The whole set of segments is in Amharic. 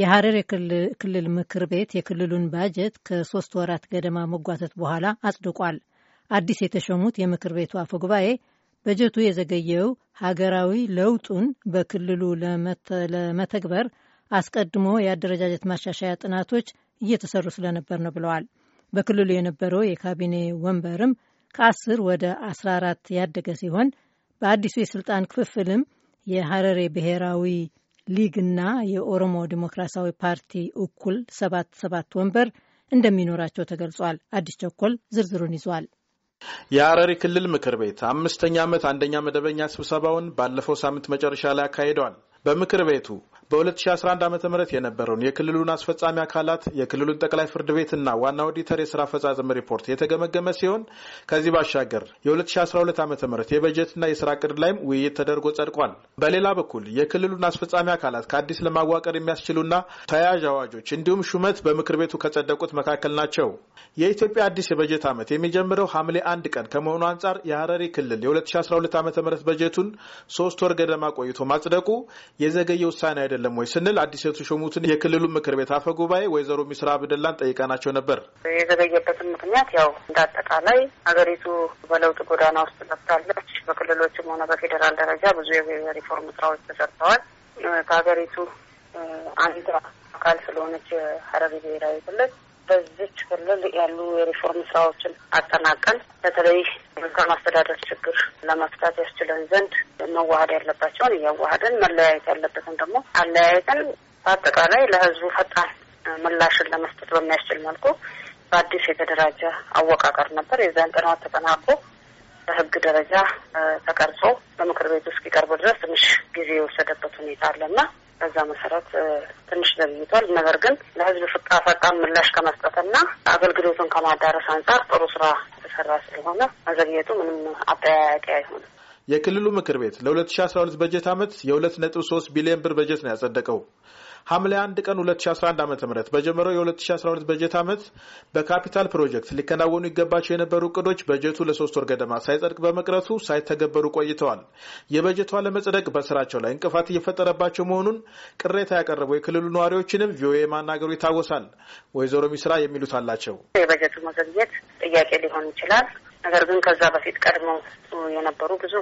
የሐረር ክልል ምክር ቤት የክልሉን ባጀት ከሶስት ወራት ገደማ መጓተት በኋላ አጽድቋል። አዲስ የተሾሙት የምክር ቤቱ አፈ ጉባኤ በጀቱ የዘገየው ሀገራዊ ለውጡን በክልሉ ለመተግበር አስቀድሞ የአደረጃጀት ማሻሻያ ጥናቶች እየተሰሩ ስለነበር ነው ብለዋል። በክልሉ የነበረው የካቢኔ ወንበርም ከአስር ወደ 14 ያደገ ሲሆን በአዲሱ የስልጣን ክፍፍልም የሐረሬ ብሔራዊ ሊግና የኦሮሞ ዴሞክራሲያዊ ፓርቲ እኩል ሰባት ሰባት ወንበር እንደሚኖራቸው ተገልጿል። አዲስ ቸኮል ዝርዝሩን ይዟል። የሐረሪ ክልል ምክር ቤት አምስተኛ ዓመት አንደኛ መደበኛ ስብሰባውን ባለፈው ሳምንት መጨረሻ ላይ አካሂደዋል። በምክር ቤቱ በ2011 ዓ ም የነበረውን የክልሉን አስፈጻሚ አካላት የክልሉን ጠቅላይ ፍርድ ቤትና ዋና ኦዲተር የስራ አፈጻጸም ሪፖርት የተገመገመ ሲሆን ከዚህ ባሻገር የ2012 ዓ ም የበጀትና የስራ እቅድ ላይም ውይይት ተደርጎ ጸድቋል። በሌላ በኩል የክልሉን አስፈጻሚ አካላት ከአዲስ ለማዋቀር የሚያስችሉና ተያያዥ አዋጆች እንዲሁም ሹመት በምክር ቤቱ ከጸደቁት መካከል ናቸው። የኢትዮጵያ አዲስ የበጀት ዓመት የሚጀምረው ሐምሌ አንድ ቀን ከመሆኑ አንጻር የሐረሪ ክልል የ2012 ዓ ም በጀቱን ሶስት ወር ገደማ ቆይቶ ማጽደቁ የዘገየ ውሳኔ አይደለም አይደለም ወይ ስንል አዲስ የተሾሙትን የክልሉ ምክር ቤት አፈ ጉባኤ ወይዘሮ ሚስራ አብደላን ጠይቀናቸው ነበር። የዘገየበትን ምክንያት ያው እንደ አጠቃላይ ሀገሪቱ በለውጥ ጎዳና ውስጥ ገብታለች። በክልሎችም ሆነ በፌዴራል ደረጃ ብዙ የሪፎርም ስራዎች ተሰርተዋል። ከሀገሪቱ አንድ አካል ስለሆነች የሀረሪ ብሔራዊ ክልል በዚች ክልል ያሉ የሪፎርም ስራዎችን አጠናቀን በተለይ መልካም አስተዳደር ችግር ለመፍታት ያስችለን ዘንድ መዋሀድ ያለባቸውን እያዋሀድን መለያየት ያለበትን ደግሞ አለያየትን በአጠቃላይ ለህዝቡ ፈጣን ምላሽን ለመስጠት በሚያስችል መልኩ በአዲስ የተደራጀ አወቃቀር ነበር። የዛን ጥናት ተጠናቆ በህግ ደረጃ ተቀርጾ በምክር ቤት ውስጥ እስኪቀርብ ድረስ ትንሽ ጊዜ የወሰደበት ሁኔታ አለና በዛ መሰረት ትንሽ ዘግይቷል። ነገር ግን ለህዝብ ፍጣ ፈጣን ምላሽ ከመስጠትና አገልግሎቱን ከማዳረስ አንጻር ጥሩ ስራ የተሰራ ስለሆነ መዘግየቱ ምንም አጠያያቂ አይሆንም። የክልሉ ምክር ቤት ለ2012 በጀት ዓመት የ2.3 ቢሊዮን ብር በጀት ነው ያጸደቀው። ሐምሌ 1 ቀን 2011 ዓ ም በጀመረው የ2012 በጀት ዓመት በካፒታል ፕሮጀክት ሊከናወኑ ይገባቸው የነበሩ እቅዶች በጀቱ ለሶስት ወር ገደማ ሳይጸድቅ በመቅረቱ ሳይተገበሩ ቆይተዋል። የበጀቱ አለመጽደቅ በስራቸው ላይ እንቅፋት እየፈጠረባቸው መሆኑን ቅሬታ ያቀረቡ የክልሉ ነዋሪዎችንም ቪኦኤ ማናገሩ ይታወሳል። ወይዘሮ ሚስራ የሚሉት አላቸው። የበጀቱ መዘግየት ጥያቄ ሊሆን ይችላል ነገር ግን ከዛ በፊት ቀድሞ የነበሩ ብዙ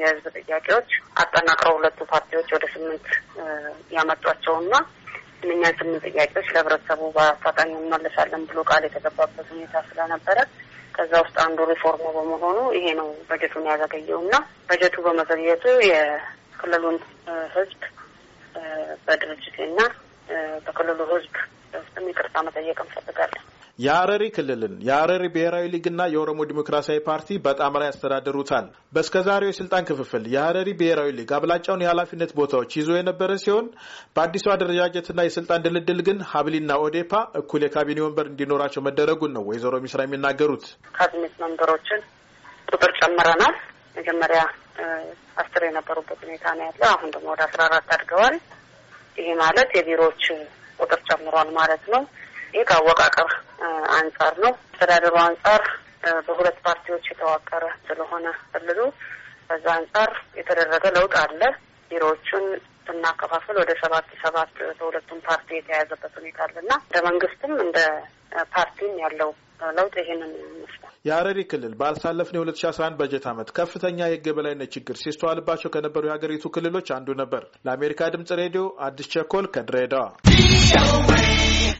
የህዝብ ጥያቄዎች አጠናቅረው ሁለቱ ፓርቲዎች ወደ ስምንት ያመጧቸውና እነኛ ስምንት ጥያቄዎች ለህብረተሰቡ በአፋጣኝ እንመልሳለን ብሎ ቃል የተገባበት ሁኔታ ስለነበረ ከዛ ውስጥ አንዱ ሪፎርሙ በመሆኑ ይሄ ነው በጀቱን ያዘገየውና በጀቱ በመዘግየቱ የክልሉን ህዝብ በድርጅቴና በክልሉ ህዝብ ይቅርታ መጠየቅ እንፈልጋለን። የሀረሪ ክልልን የሀረሪ ብሔራዊ ሊግና የኦሮሞ ዲሞክራሲያዊ ፓርቲ በጣምራ ያስተዳድሩታል። በእስከዛሬው የስልጣን ክፍፍል የሀረሪ ብሔራዊ ሊግ አብላጫውን የኃላፊነት ቦታዎች ይዞ የነበረ ሲሆን በአዲሱ አደረጃጀትና የስልጣን ድልድል ግን ሀብሊና ኦዴፓ እኩል የካቢኔ ወንበር እንዲኖራቸው መደረጉን ነው ወይዘሮ ሚስራ የሚናገሩት። ካቢኔት መንበሮችን ቁጥር ጨምረናል። መጀመሪያ አስር የነበሩበት ሁኔታ ነው ያለው። አሁን ደግሞ ወደ አስራ አራት አድገዋል። ይሄ ማለት የቢሮዎች ቁጥር ጨምሯል ማለት ነው። ይህ ከአወቃቀር አንጻር ነው። አስተዳደሩ አንጻር በሁለት ፓርቲዎች የተዋቀረ ስለሆነ ክልሉ በዛ አንጻር የተደረገ ለውጥ አለ። ቢሮዎቹን ስናከፋፍል ወደ ሰባት ሰባት በሁለቱም ፓርቲ የተያያዘበት ሁኔታ አለ አለና እንደ መንግስትም እንደ ፓርቲም ያለው ለውጥ ይሄንን ይመስላል። የሀረሪ ክልል ባልሳለፍን የሁለት ሺ አስራ አንድ በጀት አመት ከፍተኛ የህግ የበላይነት ችግር ሲስተዋልባቸው ከነበሩ የሀገሪቱ ክልሎች አንዱ ነበር። ለአሜሪካ ድምጽ ሬዲዮ አዲስ ቸኮል ከድሬዳዋ